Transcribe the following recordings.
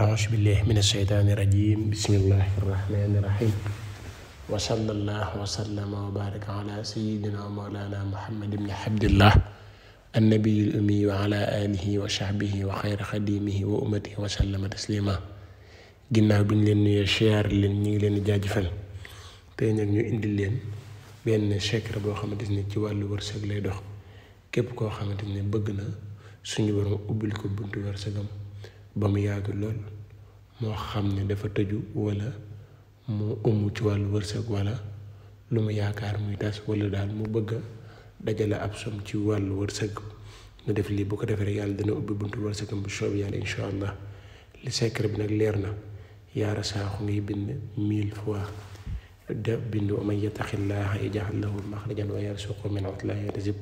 أعوذ بالله من الشيطان الرجيم بسم الله الرحمن الرحيم وصلى الله وسلم وبارك على سيدنا مولانا محمد بن عبد الله النبي الأمي وعلى آله وصحبه وخير خديمه وأمته وسلم تسليما ginnaaw bi ñu leen nuyee siyaar leen ñu ngi leen di jaajëfal tey nag ñu indil leen benn secret boo xamante ni ci wàllu wërsëg lay dox képp koo xamante ni bëgg na suñu borom ubbil ko buntu wërsëgam ba mu yàgg lool moo xam ne dafa tëju wala mu ëmm ci wàllu wërsëg wala lu mu yaakaar muy tas wala daal mu bëgg dajale ab som ci wàllu wërsëg nga def lii bu ko defee rek yàlla dana ubbi buntu wërsëgam bu soob yàlla incha allah li secret bi nag leer na yaara saaxu ngay bind mille fois da bindu man yattaxillaaha yaj'al lahu maxrajan wa yarsuqhu min haysu laa yahtasib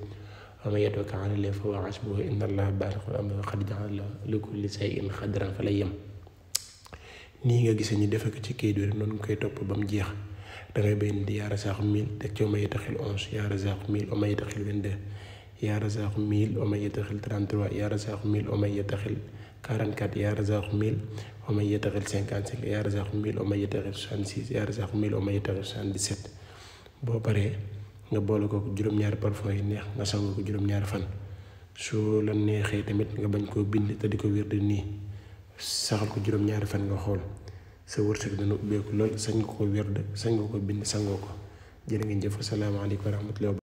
وما يدعوك عن الله فهو عصبه إن الله بارك الأمر وقد جعل لكل شيء خدرا فليم نيغا غيسا ني ديفا كو سي كيدو نون كاي توب بام جيخ دا غاي بين دي يا رزاق 1000 تك يوم يتخيل 11 يا رزاق 1000 وما يتخيل 22 يا رزاق 1000 وما يتخيل 33 يا رزاق 1000 وما يتخيل 44 يا رزاق 1000 وما يتخيل 55 يا رزاق 1000 وما يتخيل 66 يا رزاق 1000 وما يتخيل 77 بو بري nga boole ko juróom-ñaari parfum yi neex nga sangoo ko juróom-ñaari fan su la neexee tamit nga bañ koo bind te di ko wér nii saxal ko juróom-ñaari fan nga xool sa wërsëg dana ubbeeku lool sañ nga ko wér sañ nga ko bind sangoo ko jërë ngeen jëf asalaamaaleykum wa rahmatulah.